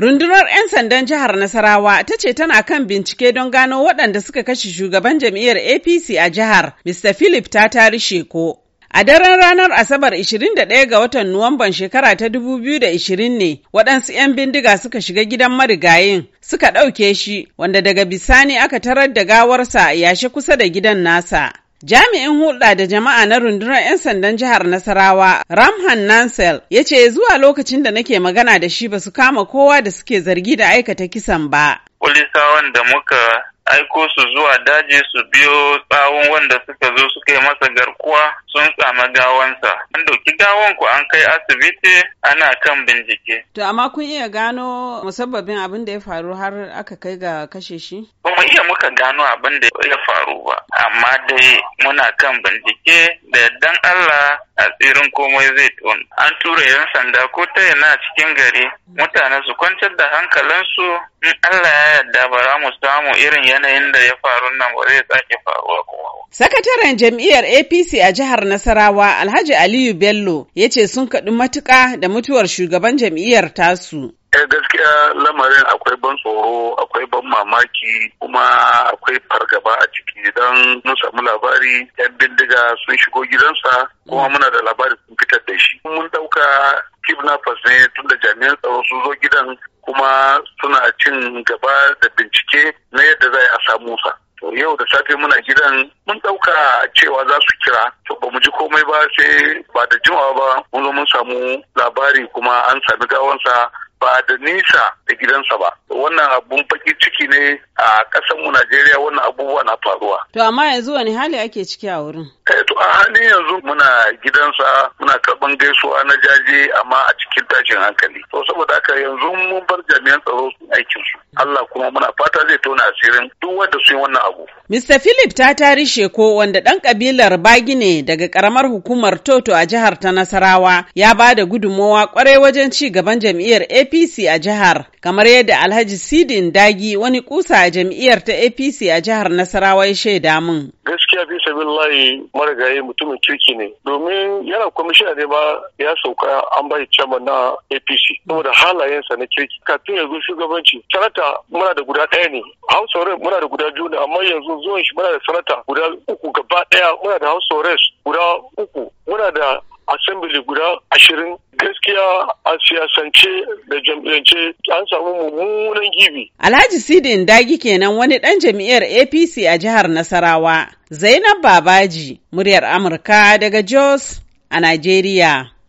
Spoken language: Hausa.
Rundunar 'yan sandan jihar Nasarawa ta ce tana kan bincike don gano waɗanda suka kashe shugaban jam'iyyar APC a jihar, Mr. Philip ta tari sheko. A daren ranar Asabar 21 ga watan Nuwamban shekara ta 2020 ne waɗansu 'yan bindiga suka shiga gidan marigayin suka ɗauke shi wanda daga bisani aka tarar da gawarsa yashe kusa da gidan nasa. Jami'in hulɗa da jama'a na rundunar 'yan sandan jihar Nasarawa, Ramhan Nansel, ya ce zuwa lokacin da nake magana da shi ba su kama kowa da suke zargi da aikata kisan ba. Kulisa da muka aiko su zuwa daji su biyo tsawon wanda suka zo suka yi masa garkuwa sun sami gawansa an dauki gawan ku an kai asibiti ana kan bincike to amma kun iya gano musabbabin abin da ya faru har aka kai ga kashe shi ba iya muka gano abin da ya faru ba amma dai muna kan bincike da dan Allah asirin komai zai tona an tura yan sanda ko ta yana a cikin gari mutane su kwantar da hankalinsu in Allah ya yarda ba za mu samu irin yanayin da ya faru nan ba zai sake faruwa kuma. Sakataren jam'iyyar APC a jihar Nasarawa Alhaji Aliyu Bello ya ce sun kaɗu matuƙa da mutuwar shugaban jam'iyyar tasu Eh gaskiya lamarin akwai ban tsoro, akwai ban mamaki, kuma akwai fargaba a ciki don mun samu labari yan bindiga sun shigo gidansa kuma muna da labari sun fitar da shi. Mun dauka kidnappers ne tun da jami'an tsaro sun zo gidan kuma suna cin gaba da bincike na yadda za a samu sa. To yau da safe muna gidan mun dauka cewa za su kira to ba mu ji komai ba sai ba da jimawa ba mun zo mun samu labari kuma an sami gawansa ba da nisa da gidansa ba wannan abun baki ciki ne a ƙasarmu najeriya wannan abubuwa na faruwa to amma yanzu wani hali ake ciki a wurin eh, a halin yanzu muna gidansa muna karban gaisuwa na jaje amma a cikin tashin hankali to saboda haka yanzu mun bar jami'an tsaro su aikin su Allah kuma muna fata zai tona asirin duk wanda su yi wannan abu Mr Philip ta tari sheko wanda dan kabilar Bagine daga karamar hukumar Toto a jihar ta Nasarawa ya ba da gudummawa kwarai wajen ci gaban jam'iyyar APC a jihar kamar yadda Alhaji Sidin Dagi wani kusa a jam'iyyar ta APC a jihar Nasarawa ya shaida min gaskiya fi sabillahi marigayi mutumin kirki ne domin yana kwamishina ne ba ya sauka an bai cama na APC saboda halayensa na kirki kafin yanzu shugabanci sanata muna da guda ɗaya ne House muna da guda biyu ne amma yanzu zuwan shi muna da sanata guda uku gaba ɗaya muna da House guda uku muna da assembly guda ashirin gaskiya a siyasance da jam'iyyance an samu mummunan gibi. Alhaji Sidin Dagi kenan wani ɗan jam'iyyar APC a jihar Nasarawa. Zainab Babaji, muryar Amurka daga Jos a Najeriya.